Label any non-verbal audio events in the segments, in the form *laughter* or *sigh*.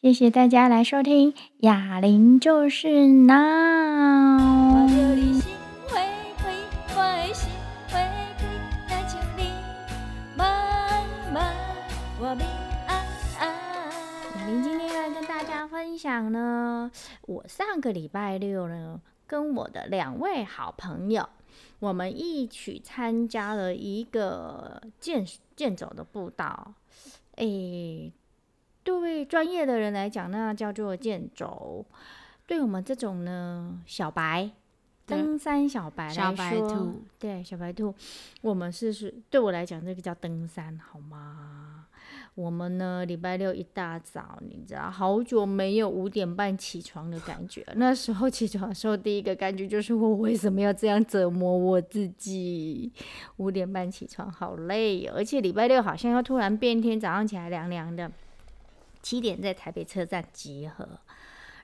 謝謝大家來收聽《雅琳就是 Now》。我我心你安安，雅琳今天要跟大家分享呢，我上個禮拜六呢，跟我的兩位好朋友，我們一起參加了一個健健走的步道，哎。對專業的人來講，那叫做健走；對我們這種呢，小白，嗯、登山小白來說，小白兔對小白兔，我們是是對我來講，這個叫登山，好嗎？我們呢，禮拜六一大早，你知道，好久沒有五點半起床的感覺。 *laughs* 那時候起床的時候，第一個感覺就是我為什麼要這樣折磨我自己？五點半起床好累哦，而且禮拜六好像要突然變天，早上起來涼涼的。七點在台北車站集合，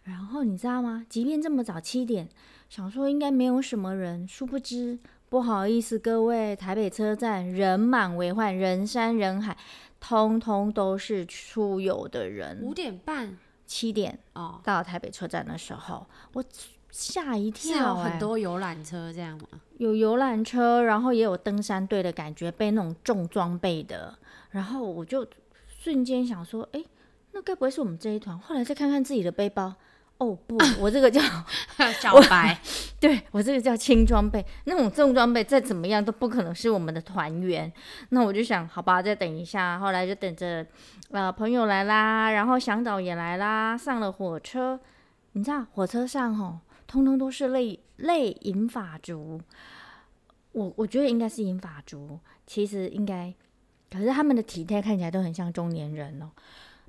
然後你知道嗎？即便這麼早七點，想說應該沒有什麼人，殊不知，不好意思各位，台北車站人滿為患，人山人海，通通都是出遊的人。五點半，七點哦，到台北車站的時候，我嚇一跳，很多遊覽車這樣嗎？有遊覽車，然後也有登山隊的感覺，被那種重裝備的，然後我就瞬間想說，誒……那該不會是我們這一團？後來再看看自己的背包，哦不、啊，我這個叫 *laughs* 小白，我對我這個叫輕裝備，那種重裝備再怎麼樣都不可能是我們的團員。那我就想，好吧，再等一下。後來就等着啊、呃，朋友來啦，然後嚮導也來啦，上了火車。你知道火車上吼，通通都是淚淚銀髮族。我我覺得應該是銀髮族，其實應該，可是他們的體態看起來都很像中年人哦、喔。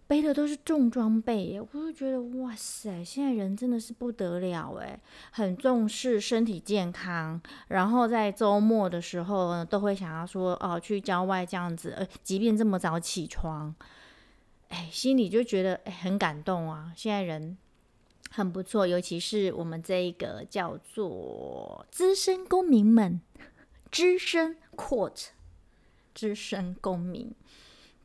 背的都是重裝備耶，我就覺得哇塞，現在人真的是不得了哎，很重視身體健康，然後在周末的時候都會想要說哦，去郊外這樣子，呃，即便這麼早起床，哎、欸，心裡就覺得、欸、很感動啊。現在人很不錯，尤其是我們這一個叫做資深公民們，資深 court，資深公民。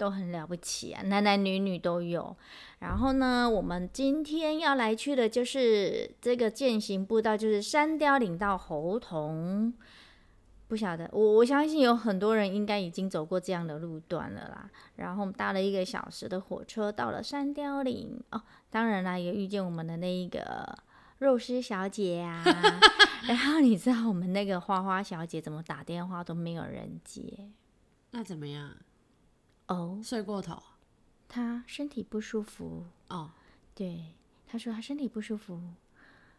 都很了不起啊，男男女女都有。然後呢，我們今天要來去的就是這個健行步道，就是三貂嶺到侯硐。不曉得我，我相信有很多人應該已經走過這樣的路段了啦。然後我們搭了一個小時的火車到了三貂嶺哦，當然啦，也遇見我們的那一個肉絲小姐啊。 *laughs* 然後你知道我們那個花花小姐怎麼打電話都沒有人接，那怎麼樣？哦，oh, 睡過頭，他身體不舒服哦。Oh. 對，他說他身體不舒服，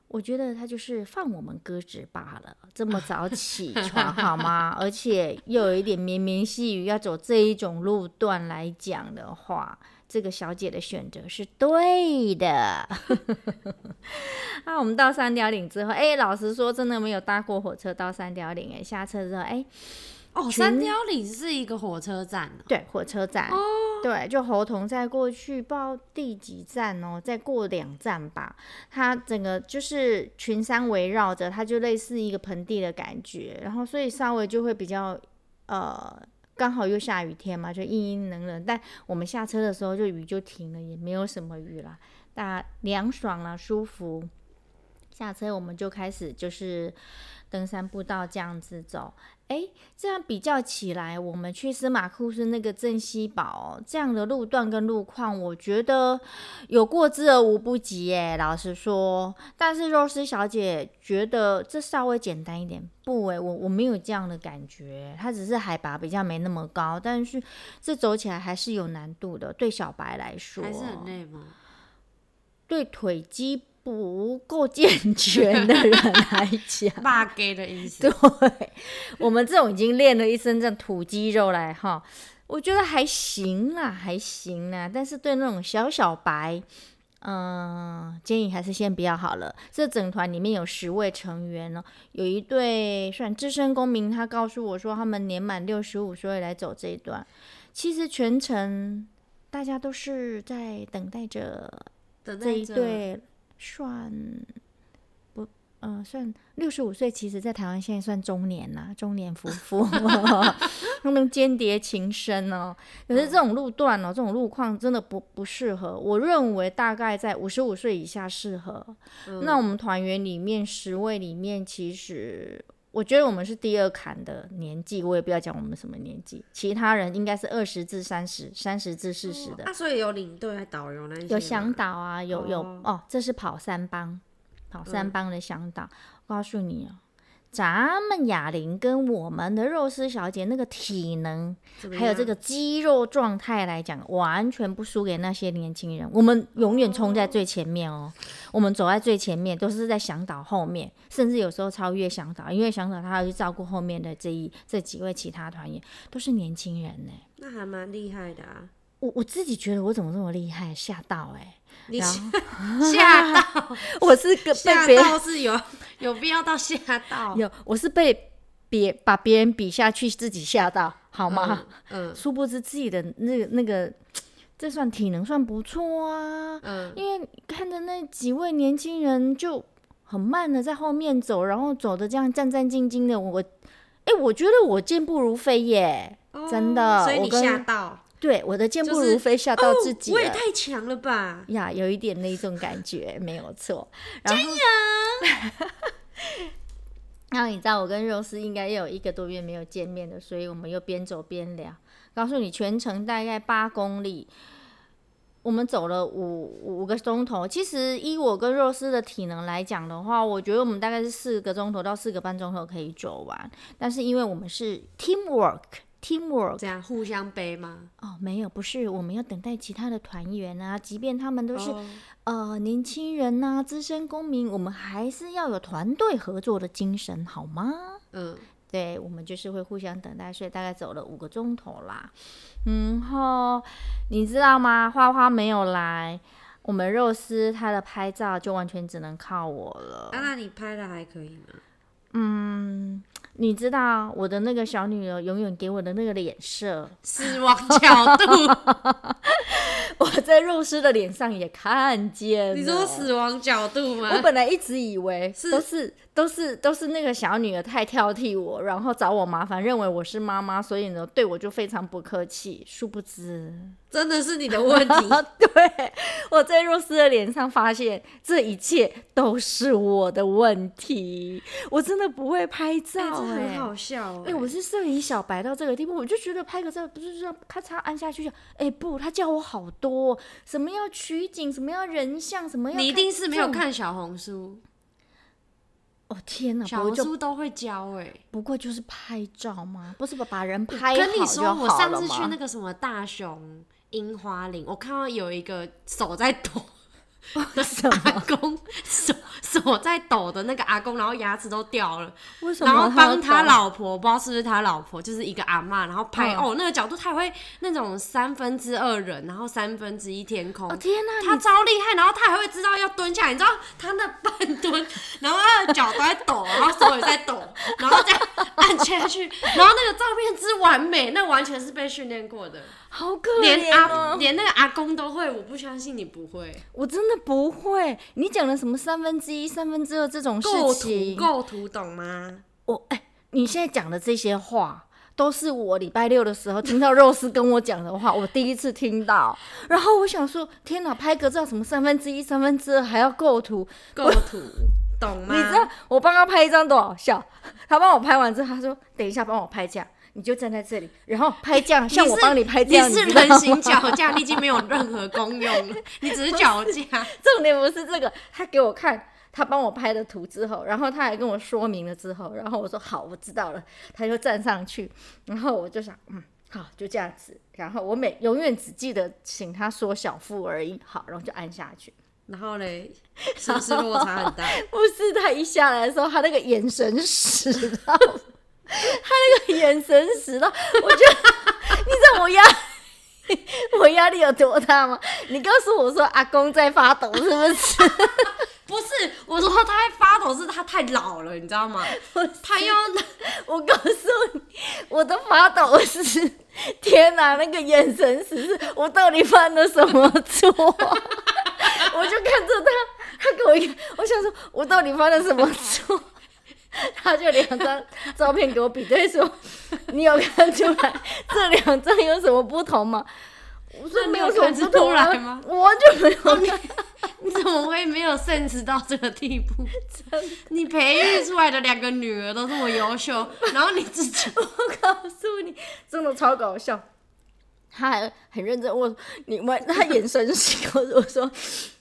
我覺得他就是放我們鴿子罷了。這麼早起床好嗎？ *laughs* 而且又有一點綿綿細雨，要走這一種路段來講的話，這個小姐的選擇是對的。那、 *laughs* *laughs* 啊、我們到三貂嶺之後，哎，老實說，真的沒有搭過火車到三貂嶺。誒，下車之後，哎。群哦，三貂嶺是一個火車站、哦。對，火車站。哦，oh. 對，就侯硐再過去，不知道第幾站哦，再過兩站吧。它整個就是群山圍繞着，它就類似一個盆地的感覺。然後，所以稍微就會比較，呃，剛好又下雨天嘛，就陰陰冷冷。但我們下車的時候，就雨就停了，也沒有什麼雨了，那涼爽了、啊，舒服。下車我們就開始就是登山步道這樣子走。哎，這樣比較起來，我們去司馬庫斯那個鎮西堡這樣的路段跟路況，我覺得有過之而無不及。哎，老實說，但是若絲小姐覺得這稍微簡單一點。不，哎，我我沒有這樣的感覺，它只是海拔比較沒那麼高，但是這走起來還是有難度的，對小白來說還是很累嗎？對腿肌。不夠健全的人 *laughs* 來講講，bug *laughs* 的意思。對 *laughs* 我們這種已經練了一身這樣土肌肉來哈，我覺得還行啦，還行啦。但是對那種小小白，嗯，建議還是先不要好了。這整團裡面有十位成員呢。喔，有一對算資深公民，他告訴我說他們年滿六十五歲來走這一段。其實全程大家都是在等待着，等待着。算不，嗯、呃，算六十五歲，其實在台灣現在算中年啦，啊，中年夫婦，他們鶼鰈情深哦。可是這種路段哦，嗯、這種路況真的不不適合。我認為大概在五十五歲以下適合。嗯、那我們團員裡面十位裡面，其實。我覺得我們是第二坎的年紀，我也不要講我們什麼年紀，其他人應該是二十至三十、三十至四十的。那、哦啊、所以有領隊、還導遊那些、啊，有向導啊，有有哦，哦，哦，這是跑三幫，跑三幫的向導，對我告訴你、啊。咱們雅琳跟我們的肉絲小姐那個體能，還有這個肌肉狀態來講，完全不輸給那些年輕人。我們永遠衝在最前面哦，我們走在最前面，都是在向導後面，甚至有時候超越向導，因為向導他要去照顧後面的這一這幾位其他團員，都是年輕人呢、哎。那還蠻厲害的啊。我我自己覺得我怎麼這麼厲害？嚇到哎、欸！你嚇後 *laughs* 到 *laughs* 我是個被嚇到是有有必要到嚇到？ *laughs* 有，我是被別把別人比下去，自己嚇到好嗎？嗯，嗯殊不知自己的那個、那個，這算體能算不錯啊。嗯，因為看着那幾位年輕人就很慢的在後面走，然後走的這樣戰戰兢兢的，我哎、欸，我覺得我健步如飛耶，嗯、真的，所以你嚇到。對，我的健步如飛，嚇到自己了，就是哦，我也太強了吧！呀，yeah, 有一點那種感覺， *laughs* 沒有錯。然後，那你知道，我跟肉絲應該也有一個多月沒有見面了，所以我們又邊走邊聊。告訴你，全程大概八公里，我們走了五五個鐘頭。其實以我跟肉絲的體能來講的話，我覺得我們大概是四個鐘頭到四個半鐘頭可以走完。但是因為我們是 teamwork。Teamwork 這樣互相背嗎？哦，沒有，不是，我們要等待其他的團員啊，即便他們都是、oh. 呃年輕人吶、啊，資深公民，我們還是要有團隊合作的精神，好嗎？嗯，對，我們就是會互相等待，所以大概走了五個鐘頭啦。然後你知道嗎？花花沒有來，我們肉絲他的拍照就完全只能靠我了。啊，那你拍的還可以嗎？嗯。你知道我的那個小女兒永遠給我的那個臉色死亡角度。 *laughs* *laughs* 我在肉絲的臉上也看見。你說死亡角度嗎？我本來一直以為都是。都是都是那個小女兒太挑剔我，然後找我麻煩，認為我是媽媽，所以呢，對我就非常不客氣。殊不知，真的是你的問題。 *laughs* 對，我在若斯的臉上發現這一切都是我的問題。我真的不會拍照、欸，哎、欸，這很好笑、欸。哎、欸，我是攝影小白到這個地步，欸、我就覺得拍個照不、就是說咔嚓按下去就。哎、欸、不，他叫我好多，什麼要取景，什麼要人像，什麼要，你一定是沒有看小紅書。哦、oh，天吶，小紅書都會教哎，不過就，就是拍照嘛？不是把把人拍好好，跟你說，我上次去那個什麼大熊櫻花林，我看到有一個手在抖。的阿公手手在抖的那個阿公，然後牙齒都掉了，然後幫他老婆，不知道是不是他老婆，就是一個阿嬤，然後拍哦，哦，那個角度他也會那種三分之二人，然後三分之一天空，哦，天哪，他超厲害，然後他還會知道要蹲下來，你知道他那半蹲， *laughs* 然後他的腳都在抖，然後手也在抖，然後這樣。 *laughs* 很謙虛， *laughs* 然後那個照片之完美， *laughs* 那完全是被訓練過的，好可憐哦。連阿連那個阿公都會，我不相信你不會。我真的不會。你講了什麼三分之一、三分之二這種事情。構圖，構圖，懂嗎？我哎、欸，你現在講的這些話，都是我禮拜六的時候聽到肉絲跟我講的話， *laughs* 我第一次聽到。然後我想說，天哪，拍個照什麼三分之一、三分之二，還要構圖，構圖。我 *laughs* 懂嗎？你知道我幫他拍一張多好笑？他幫我拍完之後，他說，等一下幫我拍這樣，你就站在這裡，然後拍這樣、欸。像我幫你拍這樣，你是，你，你是人形腳架，你已經沒有任何功用了， *laughs* 你只是腳架是。重點不是這個，他給我看他幫我拍的圖之後，然後他還跟我說明了之後，然後我說好，我知道了。他就站上去，然後我就想，嗯，好，就這樣子。然後我每永遠只記得請他縮小腹而已。好，然後就按下去。然後嘞，是不是落差很大？Oh, 不是，他一下來的時候，他那個眼神死到，他那個眼神死到，我就 *laughs* 你知道我壓我壓力有多大嗎？你告訴我說阿公在發抖是不是？ *laughs* 不是，我說他,他在發抖是他太老了，你知道嗎？是他要我告訴你，我都發抖是，天哪，那個眼神死是我到底犯了什麼錯？ *laughs* 我就看着他，他給我，一個，我想說，我到底犯了什麼錯？ *laughs* 他就兩張照片給我比對說，你有看出來這兩張有什麼不同嗎？ *laughs* 我說沒有,、啊、有看出來嗎？我就沒有，看。 *laughs* 你怎麼會沒有 sense 到這個地步？真的 *laughs* 你培育出來的兩個女兒都這麼優秀，然後你直接 *laughs* 我告訴你，真的超搞笑。他還很認真，我說你們，他眼神是告訴我說。我說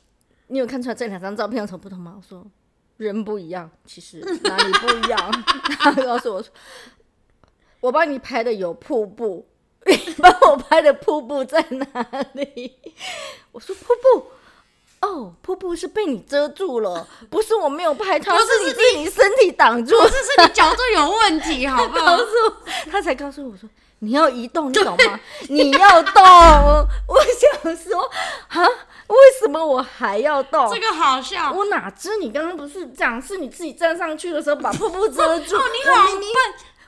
你有看出來這兩張照片有什麼不同嗎？我說人不一樣，其實哪裡不一樣？他 *laughs* 告訴我說，說我幫你拍的有瀑布，幫 *laughs* 我拍的瀑布在哪裡？我說瀑布哦，瀑布是被你遮住了，不是我沒有拍他，他是是你自己身體擋住，不是是你角度有問題，好不好？ *laughs* 他才告訴我說。你要移動，你懂嗎？對你要動， *laughs* 我想說，啊，為什麼我還要動？這個好笑，我哪知你剛剛不是講，是你自己站上去的時候把瀑布遮住？ *laughs* 哦、你好笨，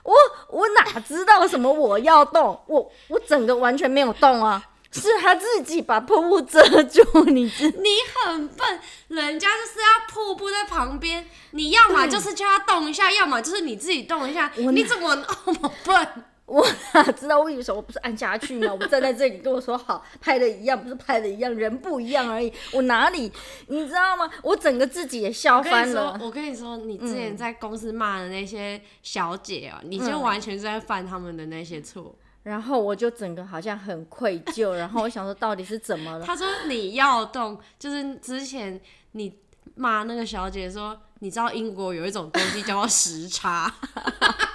我我，我哪知道什麼我要動？我我整個完全沒有動啊，是他自己把瀑布遮住，你你很笨，人家就是要瀑布在旁邊，你要嘛就是叫他動一下，對要麼就是你自己動一下，哪你怎麼那麼、哦、笨？我哪知道，為什麼我不是按下去嗎？我站在這裡跟我說好 *laughs* 拍的一樣，不是拍的一樣，人不一樣而已。我哪裡你知道嗎？我整個自己也笑翻了。我跟，我跟你說，你之前在公司罵的那些小姐啊，嗯、你就完全是在犯他們的那些錯，嗯。然後我就整個好像很愧疚。然後我想說，到底是怎麼了？ *laughs* 他說你要動，就是之前你罵那個小姐說，你知道英國有一種東西叫做時差。 *laughs*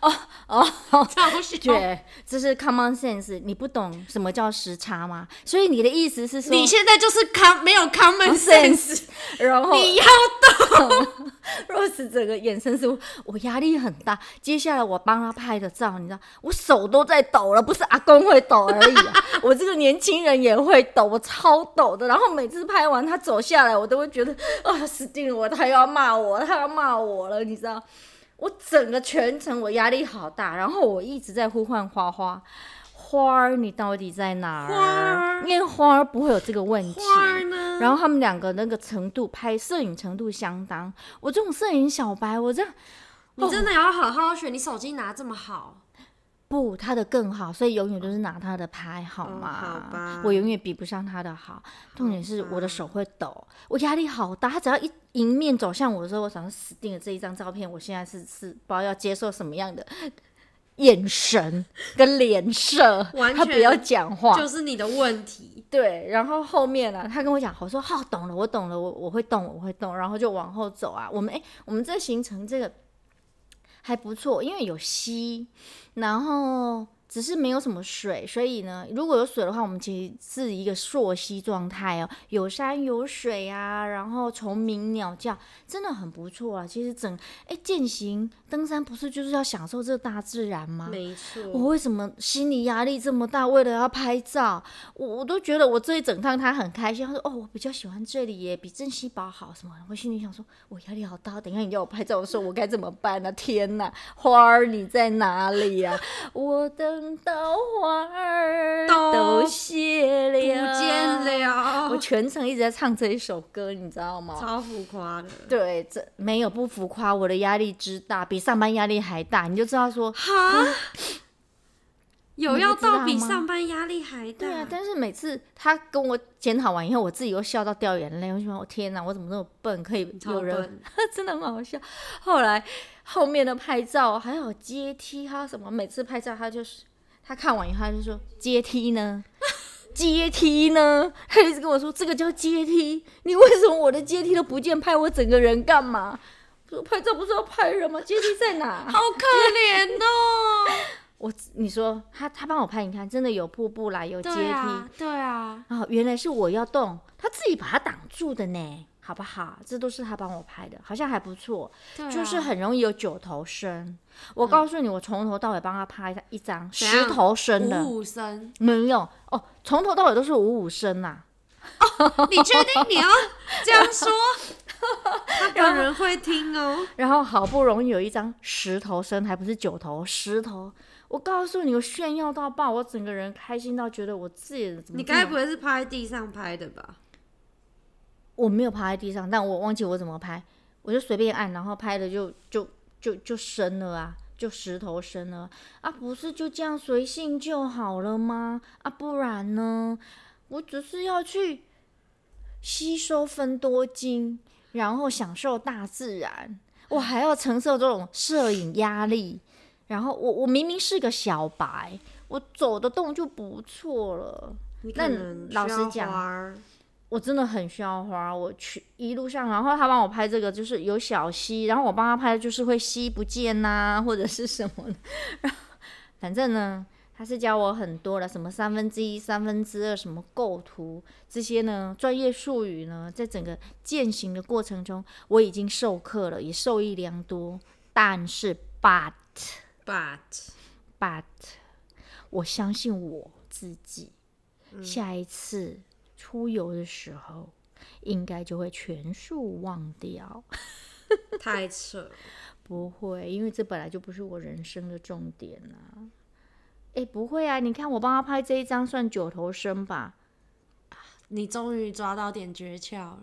哦哦，不是絕！這是 common sense，你不懂什麼叫時差嗎？所以你的意思是說，你現在就是 common 沒有 common sense，,、oh, sense 然後你要懂。Rose、嗯、整個眼神是，我壓力很大。”接下來我幫他拍的照，你知道，我手都在抖了，不是阿公會抖而已、啊， *laughs* 我這個年輕人也會抖，我超抖的。然後每次拍完他走下來，我都會覺得啊，死定了，我他又要罵我，他要罵我了，你知道。我整個全程我壓力好大，然後我一直在呼喚花花，花兒你到底在哪兒？花兒，因為花兒不會有這個問題，花兒呢？然後他們兩個那個程度拍攝影程度相當，我這種攝影小白，我這、哦、你真的要好好學，你手機拿這麼好。不，他的更好，所以永遠都是拿他的拍，好嗎？哦、好，我永遠比不上他的好。重點是我的手會抖，吧我壓力好大。他只要一迎面走向我的時候，我想上死定了這一張照片，我現在是是不知道要接受什麼樣的眼神跟臉色， *laughs* 完全他不要講話，就是你的問題。對，然後後面呢、啊，他跟我講，我說好、哦，懂了，我懂了，我我會動，我會動，然後就往後走啊。我們誒、欸，我們這行程這個。還不錯，因為有吸，然後。只是沒有什麼水，所以呢，如果有水的話，我們其實是一個溯溪狀態哦，有山有水啊，然後蟲鳴鳥叫，真的很不錯啊。其實整哎、健、欸、行登山不是就是要享受這大自然嗎？沒錯錯。我為什麼心理壓力這麼大？為了要拍照，我我都覺得我這一整趟他很開心。他說哦，我比較喜歡這裡耶，比鎮西堡好什麼？我心裡想說，我壓力好大。等一下你叫我拍照的時候，嗯、我該怎麼辦呢、啊？天哪、啊，花兒你在哪裡呀、啊？ *laughs* 我的。等到花兒都謝了，不見了。了見了，我全程一直在唱這一首歌，你知道嗎？超浮誇的。對，這沒有不浮誇，我的壓力之大，比上班壓力還大，你就知道說哈，說有要到比上班壓力還大。對啊，但是每次他跟我檢討完以後，我自己又笑到掉眼淚。為什麼？我天哪，我怎麼這麼笨，可以有人？ *laughs* 真的很好笑。後來後面的拍照還有階梯，還有、啊、什麼？每次拍照他就是。他看完以後，他就說：“階梯呢？階 *laughs* 梯呢？”他一直跟我說：“這個叫階梯，你為什麼我的階梯都不見？拍我整個人幹嘛？拍照不是要拍人嗎？階梯在哪？ *laughs* 好可憐哦！ *laughs* 我，你說他，他幫我拍，你看真的有瀑布啦，有階梯，對啊，對啊，哦，原來是我要動，他自己把它擋住的呢。”好不好？這都是他幫我拍的，好像還不錯，啊、就是很容易有九頭身。嗯、我告訴你，我從頭到尾幫他拍一張十頭身的，五五身沒有哦，從頭到尾都是五五身吶，啊哦。你確定你要，哦、 *laughs* 這樣說？有人 *laughs* *laughs* 會聽哦，然然後好不容易有一張十頭身，還不是九頭，十頭。我告訴你，我炫耀到爆，我整個人開心到覺得我自己。你該不會是趴在地上拍的吧？我沒有趴在地上，但我忘記我怎麼拍，我就隨便按，然後拍的就就就就伸了啊，就石頭伸了啊，不是就這樣隨性就好了嗎？啊，不然呢？我只是要去吸收芬多精，然後享受大自然，我還要承受這種攝影壓力，然後我我明明是個小白，我走得動就不錯了。那老實講。我真的很需要花，我去一路上，然後他幫我拍這個，就是有小溪，然後我幫他拍的就是會溪不見吶、啊，或者是什麼的。然後反正呢，他是教我很多的，什麼三分之一、三分之二，3, 什麼構圖這些呢，專業術語呢，在整個健行的過程中，我已經受教了，也受益良多。但是，but but but，我相信我自己，嗯、下一次，出遊的時候，應該就會全數忘掉。 *laughs* 太扯了，不會，因為這本來就不是我人生的重點吶、啊。哎、欸，不會啊，你看我幫他拍這一張，算九頭身吧。你終於抓到點訣竅了。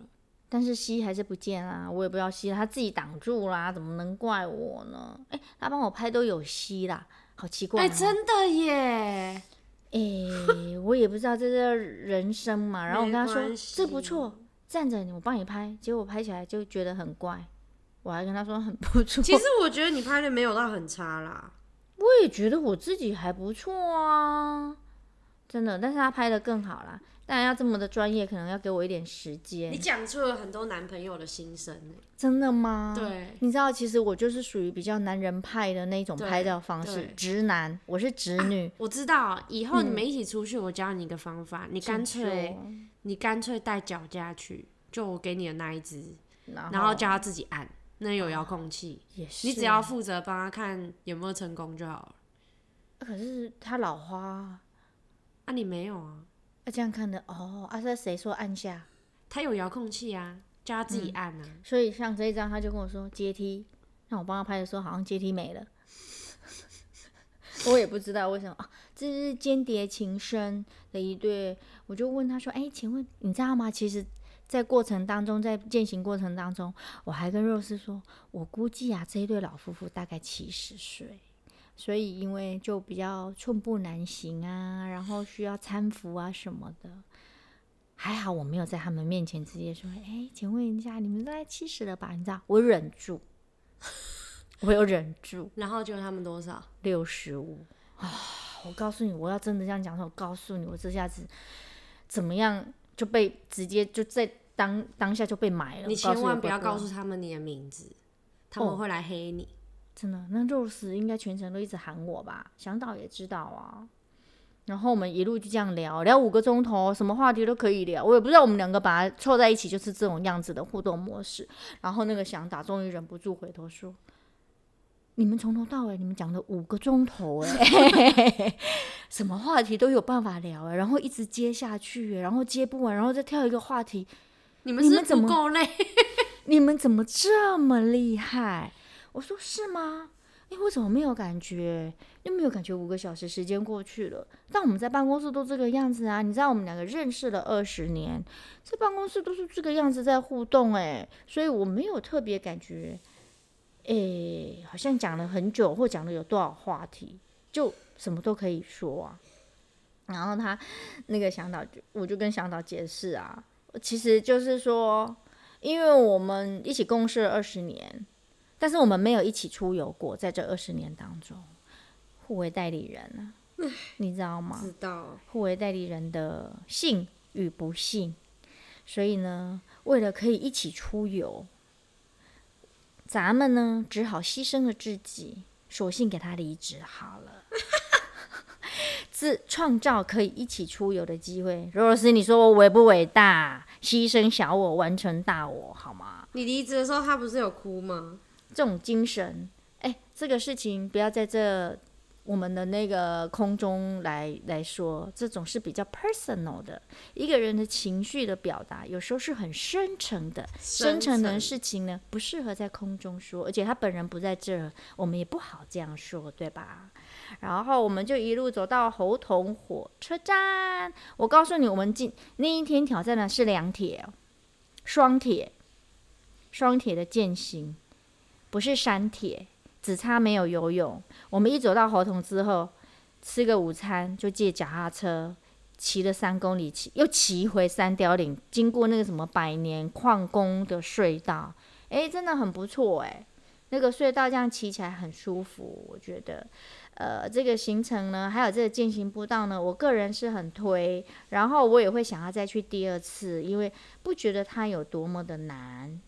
但是吸還是不見啊，我也不知道吸，他自己擋住啦，怎麼能怪我呢？哎、欸，他幫我拍都有吸啦，好奇怪、啊。哎、欸，真的耶。誒、欸，我也不知道這是人生嘛， *laughs* 然後我跟他說，這不錯，站着，你我幫你拍，結果我拍起來就覺得很怪，我還跟他說很不錯。其實我覺得你拍的沒有到很差啦，我也覺得我自己還不錯啊，真的，但是他拍的更好啦。但要這麼的專業，可能要給我一點時間。你講出了很多男朋友的心聲、欸，真的嗎？對，你知道其實我就是屬於比較男人派的那種拍照方式，直男，我是直女、啊。我知道，以後你們一起出去，嗯、我教你一個方法，你乾脆說你乾脆帶腳架去，就我給你的那一支，然後，然後叫他自己按，那有遙控器，啊、你只要負責幫他看有沒有成功就好了。可是他老花，啊，你沒有啊？他、啊、這樣看的哦，啊，是誰說按下？他有遙控器啊，叫他自己按呢、啊。嗯、所以像這一張，他就跟我說階梯，讓我幫他拍的時候，好像階梯沒了。 *laughs* 我也不知道為什麼。啊、這是《間諜情深》的一對，我就問他說：“哎、欸，請問你知道嗎？其實，在過程當中，在健行過程當中，我還跟 Rose 說，我估計啊，這一對老夫婦大概七十歲。”所以，因為就比較寸步難行啊，然後需要攙扶啊什麼的。還好我沒有在他們面前直接說：“哎，請問一下，你們都來七十了吧？”你知道，我忍住， *laughs* 我有忍住。然後就問他們多少？六十五啊！我告訴你，我要真的這樣講，我告訴你，我這下子怎麼樣就被直接就在當當下就被埋了。你千萬，你不要告訴他們你的名字，哦、他們會來黑你。真的，那 Rose 應該全程都一直喊我吧？向導也知道啊、哦。然後我們一路就這樣聊聊五個鐘頭，什麼話題都可以聊。我也不知道我們兩個把它湊在一起就是這種樣子的互動模式。然後那個向導終於忍不住回頭說：“你們從頭到尾你們講了五個鐘頭，哎， *laughs* 什麼話題都有辦法聊誒。」然後一直接下去，然後接不完，然後再跳一個話題。你們是不夠你們怎麼夠累？ *laughs* 你們怎麼這麼厲害？”我說是嗎？誒，我怎麼沒有感覺？又沒有感覺。五個小時時間過去了，但我們在辦公室都這個樣子啊。你知道我們兩個認識了二十年，在辦公室都是這個樣子在互動，哎，所以我沒有特別感覺。哎，好像講了很久，或講了有多少話題，就什麼都可以說啊。然後他那個向導就，我就跟向導解釋啊，其實就是說，因為我們一起共事了二十年。但是我們沒有一起出遊過，在這二十年當中，互為代理人啊， *laughs* 你知道嗎？知道，互為代理人的幸與不幸，所以呢，為了可以一起出遊，咱們呢只好犧牲了自己，索性給他離職好了， *laughs* 自創造可以一起出遊的機會。如果是你說我偉不偉大？犧牲小我，完成大我，好嗎？你離職的時候，他不是有哭嗎？這種精神，哎、欸，這個事情不要在這我們的那個空中來來說，這種是比較 personal 的一個人的情緒的表達，有時候是很深沉的，深沉層的事情呢不適合在空中說，而且他本人不在這，我們也不好這樣說，對吧？然後我們就一路走到猴硐火車站，我告訴你，我們今那一天挑戰的是兩鐵，雙鐵，雙鐵的健行。不是山鐵，只差沒有游泳。我們一走到猴硐之後，吃個午餐，就借腳踏車騎了三公里，騎又騎回三貂嶺，經過那個什麼百年礦工的隧道，哎、欸，真的很不錯哎、欸，那個隧道這樣騎起來很舒服，我覺得。呃，這個行程呢，還有這個健行步道呢，我個人是很推，然後我也會想要再去第二次，因為不覺得它有多麼的難。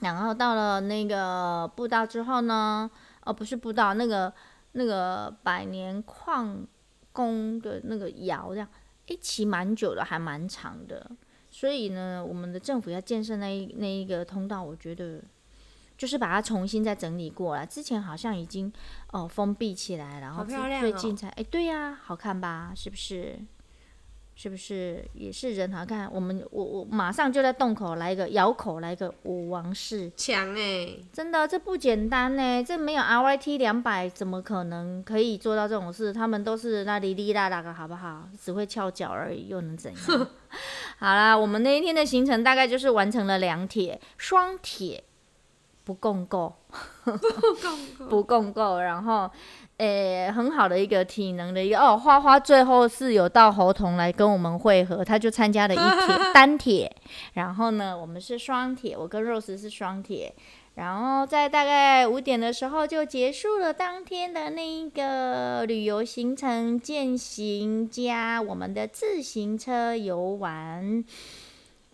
然後到了那個步道之後呢，哦，不是步道，那個那個百年礦工的那個窑這樣，一騎蠻久的，還蠻長的。所以呢，我們的政府要建設那一那一個通道，我覺得就是把它重新再整理過來。之前好像已經哦封閉起來，然後最近才、好漂亮哦、誒，對呀、啊，好看吧？是不是？是不是也是人好看？我們我我馬上就在洞口來一個咬口，來一個舞王式強哎！欸、真的，這不簡單呢、欸，這沒有 R Y T 兩百怎麼可能可以做到這種事？他們都是那滴滴答答的，好不好？只會翹腳而已，又能怎樣？ *laughs* 好啦，我們那一天的行程大概就是完成了兩鐵雙鐵。不共夠，不共購， *laughs* 不共夠 然後，誒、欸，很好的一個體能的一個哦。花花最後是有到侯童來跟我們會合，他就參加了一鐵單鐵。然後呢，我們是雙鐵，我跟肉 e 是雙鐵。然後在大概五點的時候就結束了當天的那個旅遊行程，踐行加我們的自行車遊玩。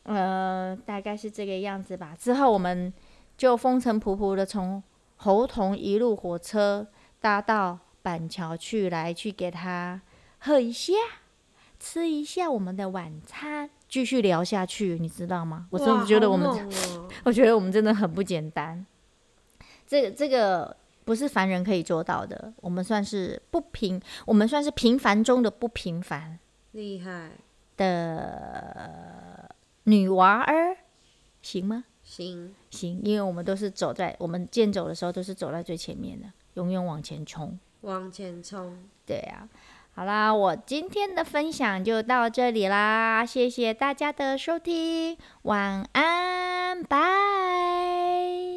呃，大概是這個樣子吧。之後我們。就風塵僕僕的從侯硐一路火車搭到板橋去，來去給他喝一下，吃一下我們的晚餐，繼續聊下去，你知道嗎？哇我真的覺得我們，喔、我覺得我們真的很不簡單，這個、這個不是凡人可以做到的，我們算是不平，我們算是平凡中的不平凡，厲害的女娃兒，行嗎？行行，因為我們都是走在，我們健走的時候都是走在最前面的，永遠往前衝，往前衝，對呀、啊。好啦，我今天的分享就到這裡啦，謝謝大家的收聽，晚安，拜拜。